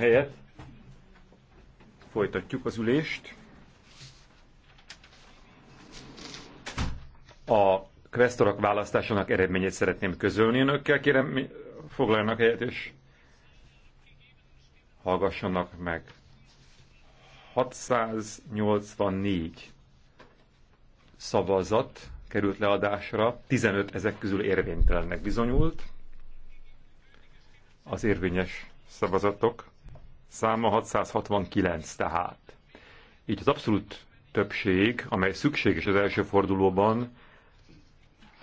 helyet. Folytatjuk az ülést. A kvesztorok választásának eredményét szeretném közölni önökkel. Kérem, foglaljanak helyet és hallgassanak meg. 684 szavazat került leadásra, 15 ezek közül érvénytelennek bizonyult. Az érvényes szavazatok száma 669 tehát. Így az abszolút többség, amely szükséges az első fordulóban,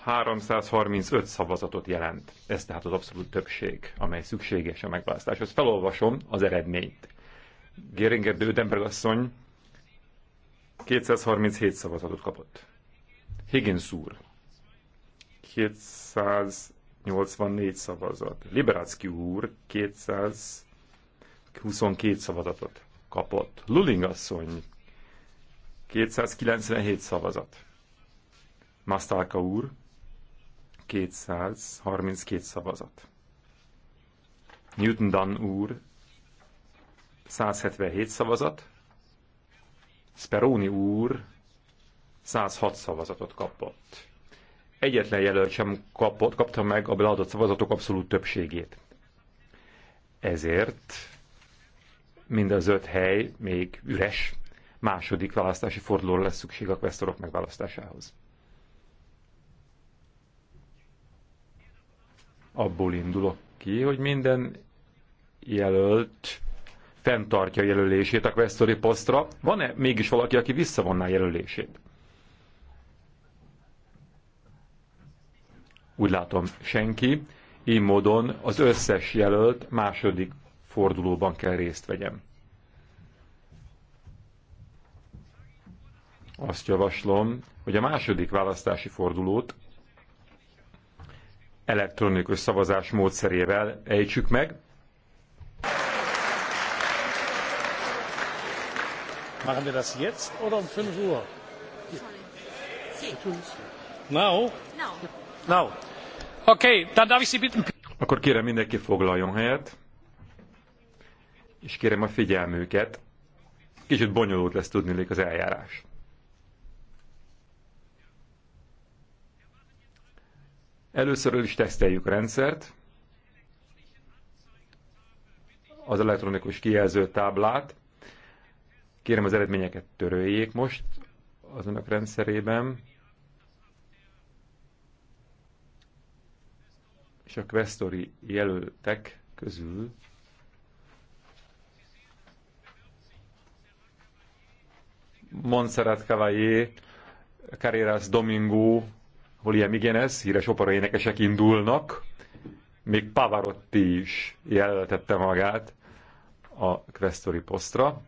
335 szavazatot jelent. Ez tehát az abszolút többség, amely szükséges a megválasztáshoz. Felolvasom az eredményt. Géringer Dödenberg asszony 237 szavazatot kapott. Higgins úr 284 szavazat. Liberácki úr 200 22 szavazatot kapott. Luling asszony 297 szavazat. Masztálka úr 232 szavazat. Newton Dunn úr 177 szavazat. Speroni úr 106 szavazatot kapott. Egyetlen jelölt sem kapott, kapta meg a beadott szavazatok abszolút többségét. Ezért mind az öt hely még üres, második választási fordulóra lesz szükség a kvesztorok megválasztásához. Abból indulok ki, hogy minden jelölt fenntartja jelölését a kvesztori posztra. Van-e mégis valaki, aki visszavonná jelölését? Úgy látom, senki. Így módon az összes jelölt második fordulóban kell részt vegyem. Azt javaslom, hogy a második választási fordulót elektronikus szavazás módszerével ejtsük meg. Machen wir das jetzt oder um 5 Uhr? Now? Now. Okay, dann darf ich Sie bitten. Akkor kérem mindenki foglaljon helyet és kérem a figyelmüket, kicsit bonyolult lesz tudnilik az eljárás. Először is teszteljük a rendszert, az elektronikus kijelző táblát. Kérem az eredményeket töröljék most az önök rendszerében. És a questori jelöltek közül Montserrat Cavallé, Carreras Domingo, William Igenes, híres énekesek indulnak, még Pavarotti is jelöltette magát a Questori posztra.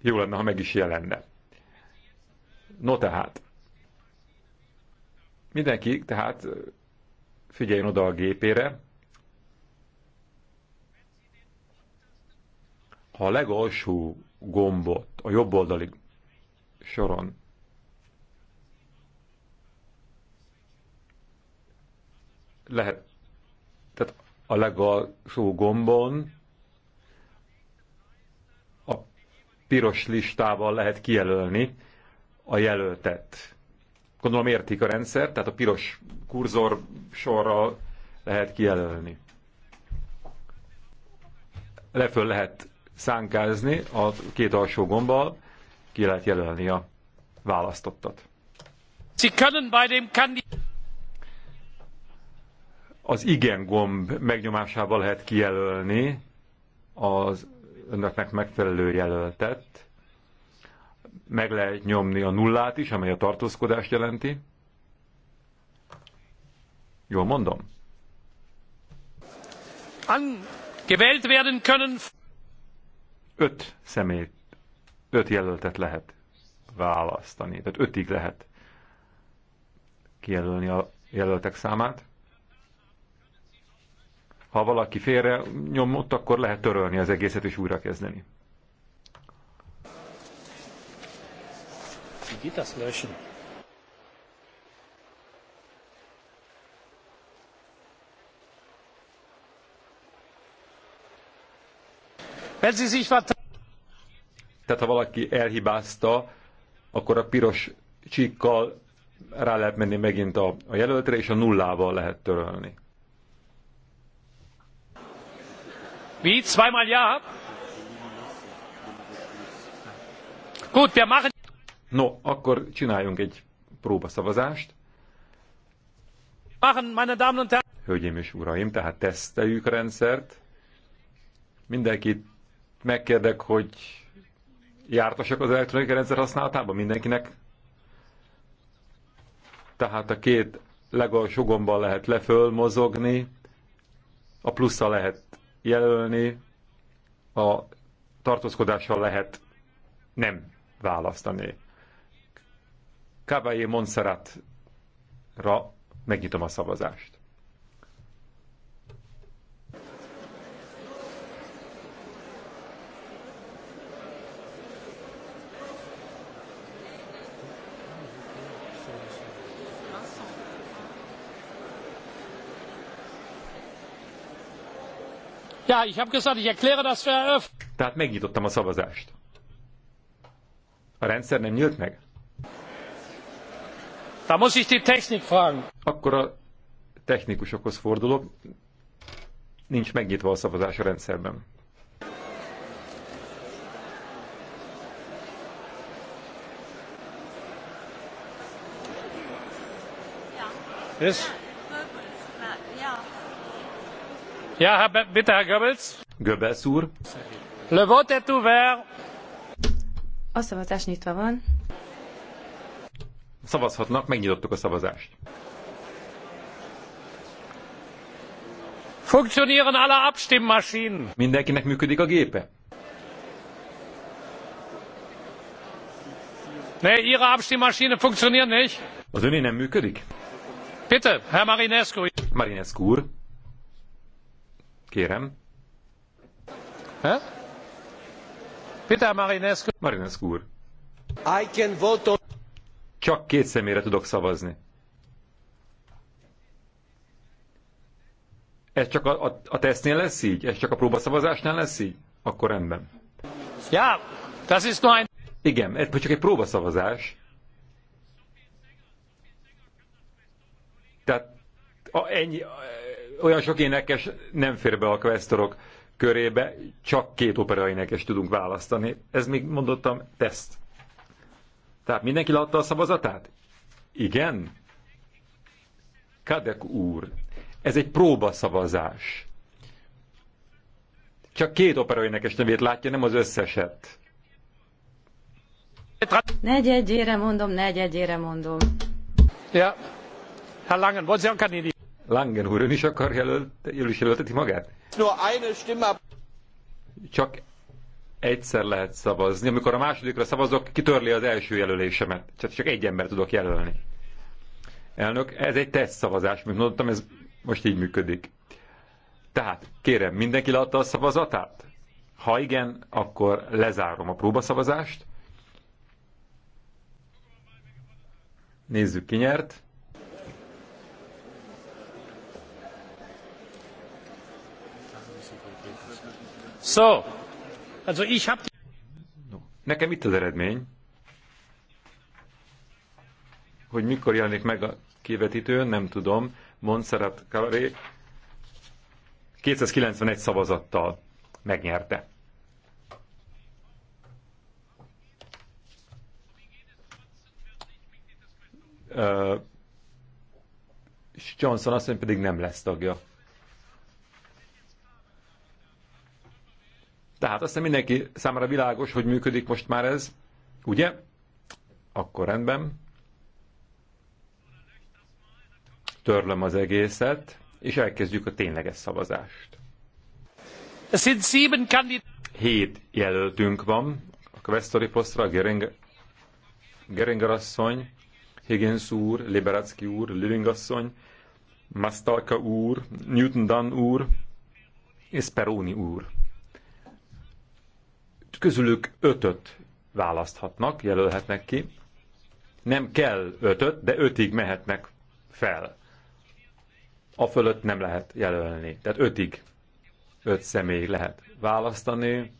Jó lenne, ha meg is jelenne. No tehát, mindenki tehát figyeljen oda a gépére, ha a legalsó gombot a jobb oldali soron. Lehet, tehát a legalsó gombon a piros listával lehet kijelölni a jelöltet. Gondolom értik a rendszer, tehát a piros kurzor sorral lehet kijelölni. Leföl lehet szánkázni a két alsó gombbal, ki lehet jelölni a választottat. Az igen gomb megnyomásával lehet kijelölni az önöknek megfelelő jelöltet. Meg lehet nyomni a nullát is, amely a tartózkodást jelenti. Jól mondom? An gewählt werden können öt személyt, öt jelöltet lehet választani, tehát ötig lehet kijelölni a jelöltek számát. Ha valaki félre nyomott, akkor lehet törölni az egészet és újra kezdeni. Wie geht das löschen? Tehát ha valaki elhibázta, akkor a piros csíkkal rá lehet menni megint a, a jelöltre, és a nullával lehet törölni. Wie? Zweimal ja? Gut, wir machen... No, akkor csináljunk egy próbaszavazást. Machen, meine Damen und Herren. Hölgyeim és uraim, tehát teszteljük a rendszert. Mindenkit megkérdek, hogy jártasak az elektronikai rendszer használatában mindenkinek? Tehát a két legalsó gombbal lehet leföl mozogni, a plusszal lehet jelölni, a tartózkodással lehet nem választani. Caballé Montserrat-ra megnyitom a szavazást. Ja, ich habe gesagt, ich erkläre das für eröffnet. Tehát megnyitottam a szavazást. A rendszer nem nyílt meg? Da muss ich die Technik fragen. Akkor a technikusokhoz fordulok. Nincs megnyitva a szavazás a rendszerben. Yes. Yeah. Ja, bitte, Herr Goebbels. Goebbels úr. Le vote est ouvert. A szavazás nyitva van. Szavazhatnak, megnyitottuk a szavazást. Funktionieren alle Abstimmmaschinen. Mindenkinek működik a gépe? Ne, Ihre Abstimmmaschine funktioniert nicht. Az öné nem működik? Bitte, Herr Marinescu. Marinescu úr. Kérem. He? Peter Marinescu. Marinescu úr. I can vote on... Csak két személyre tudok szavazni. Ez csak a, a, a tesztnél lesz így? Ez csak a próbaszavazásnál lesz így? Akkor rendben. Ja, das ist nur ein... Igen, ez csak egy próbaszavazás. Tehát a, ennyi, olyan sok énekes nem fér be a questorok körébe, csak két opera énekes tudunk választani. Ez még mondottam teszt. Tehát mindenki látta a szavazatát? Igen? Kadek úr, ez egy próbaszavazás. Csak két énekes nevét látja, nem az összeset. Negyedjére mondom, negyedjére mondom. Ja. Herr Langen, wollen Sie auch Langen úr, ön is akar jelölt, ön is jelölteti magát? Csak egyszer lehet szavazni. Amikor a másodikra szavazok, kitörli az első jelölésemet. Csak, csak egy ember tudok jelölni. Elnök, ez egy teszt szavazás, mint mondtam, ez most így működik. Tehát, kérem, mindenki leadta a szavazatát? Ha igen, akkor lezárom a próbaszavazást. Nézzük, ki nyert. So, also ich hab... Nekem itt az eredmény, hogy mikor jelenik meg a kivetítő, nem tudom. Montserrat Cavalry 291 szavazattal megnyerte. Uh, Johnson mondja, pedig nem lesz tagja. Tehát aztán mindenki számára világos, hogy működik most már ez, ugye? Akkor rendben. Törlöm az egészet, és elkezdjük a tényleges szavazást. Hét jelöltünk van, a Questori posztra, a Geringer asszony, Higgins úr, Liberacki úr, Living asszony, Mastalka úr, Newton Dunn úr és Peroni úr közülük ötöt választhatnak, jelölhetnek ki. Nem kell ötöt, de ötig mehetnek fel. A fölött nem lehet jelölni. Tehát ötig, öt személy lehet választani.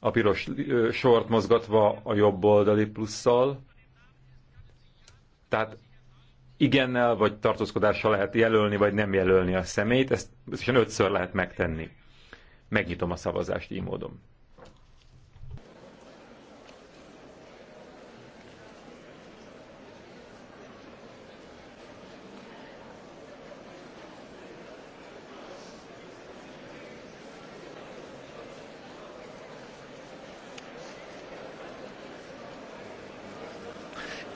A piros sort mozgatva a jobb oldali plusszal. Tehát igennel vagy tartózkodással lehet jelölni, vagy nem jelölni a személyt, ezt összesen ötször lehet megtenni. Megnyitom a szavazást így módon.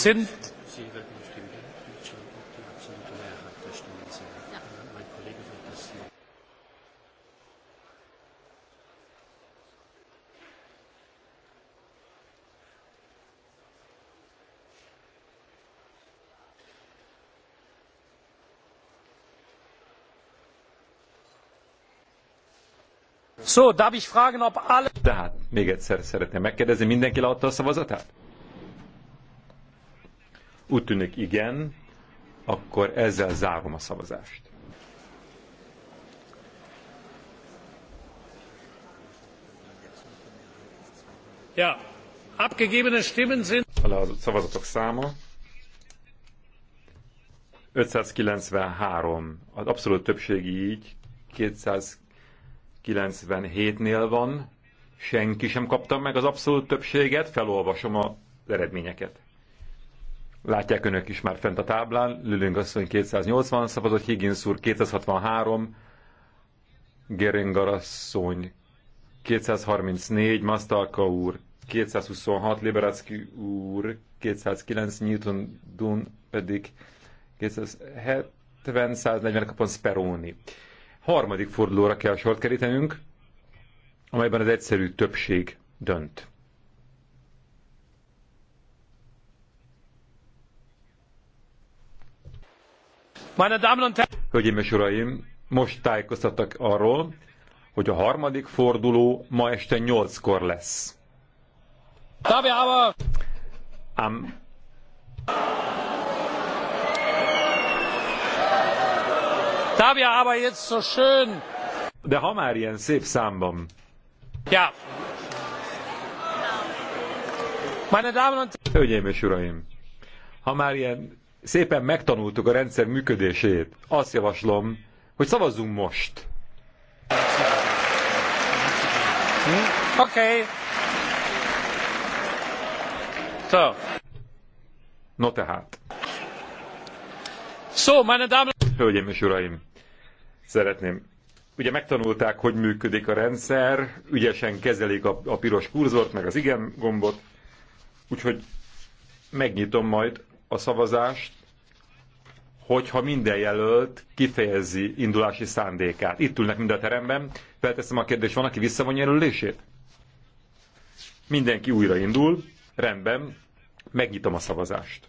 sind So, darf ich fragen, ob alle... Tehát még egyszer szeretném megkérdezni, mindenki leadta a szavazatát? Úgy tűnik igen, akkor ezzel zárom a szavazást. Ja, abgegebene Stimmen sind... A szavazatok száma 593. Az abszolút többségi így 297-nél van. Senki sem kapta meg az abszolút többséget. Felolvasom az eredményeket. Látják önök is már fent a táblán, Lülünk asszony 280 szavazott, Higgins úr 263, Geringar asszony 234, Masztalka úr 226, Liberacki úr 209, Newton Dun pedig 270, 140 kapon Speroni. Harmadik fordulóra kell sort kerítenünk, amelyben az egyszerű többség dönt. Hölgyeim és Uraim, most tájékoztattak arról, hogy a harmadik forduló ma este nyolckor lesz. Ám De ha már ilyen szép számban. Ja. Meine Damen und Hölgyeim és Uraim, ha már ilyen szépen megtanultuk a rendszer működését. Azt javaslom, hogy szavazzunk most. Hm? Oké. Okay. So. No tehát. So, meine Damen... Hölgyeim és Uraim, szeretném. Ugye megtanulták, hogy működik a rendszer, ügyesen kezelik a, a piros kurzort, meg az igen gombot, úgyhogy megnyitom majd a szavazást, hogyha minden jelölt kifejezi indulási szándékát. Itt ülnek mind a teremben. Felteszem a kérdést, van, aki visszavonja jelölését? Mindenki újraindul. Rendben. Megnyitom a szavazást.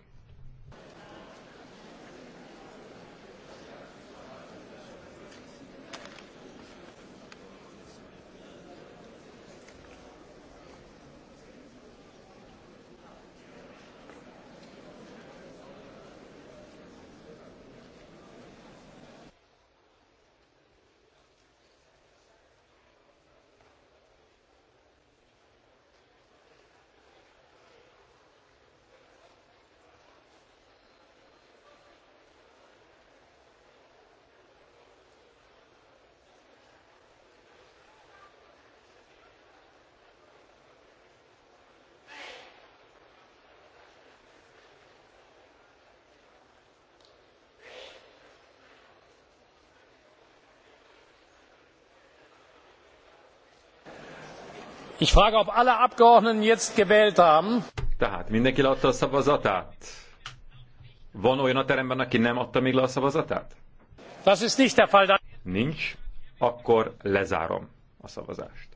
Ich frage, ob alle Abgeordneten jetzt gewählt haben. Tehát mindenki leadta a szavazatát? Van olyan a teremben, aki nem adta még le a szavazatát? Das ist nicht der Fall. Nincs. Akkor lezárom a szavazást.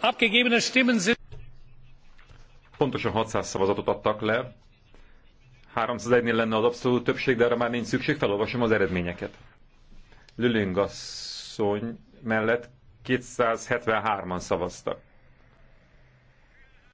Abgegebene Stimmen sind pontosan 600 szavazatot adtak le. 301-nél lenne az abszolút többség, de erre már nincs szükség, felolvasom az eredményeket. Lüling asszony mellett 273-an szavaztak.